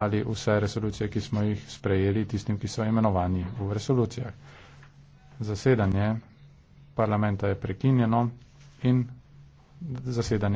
dali vse resolucije, ki smo jih sprejeli tistim, ki so imenovani v resolucijah. Zasedanje parlamenta je prekinjeno in zasedanje.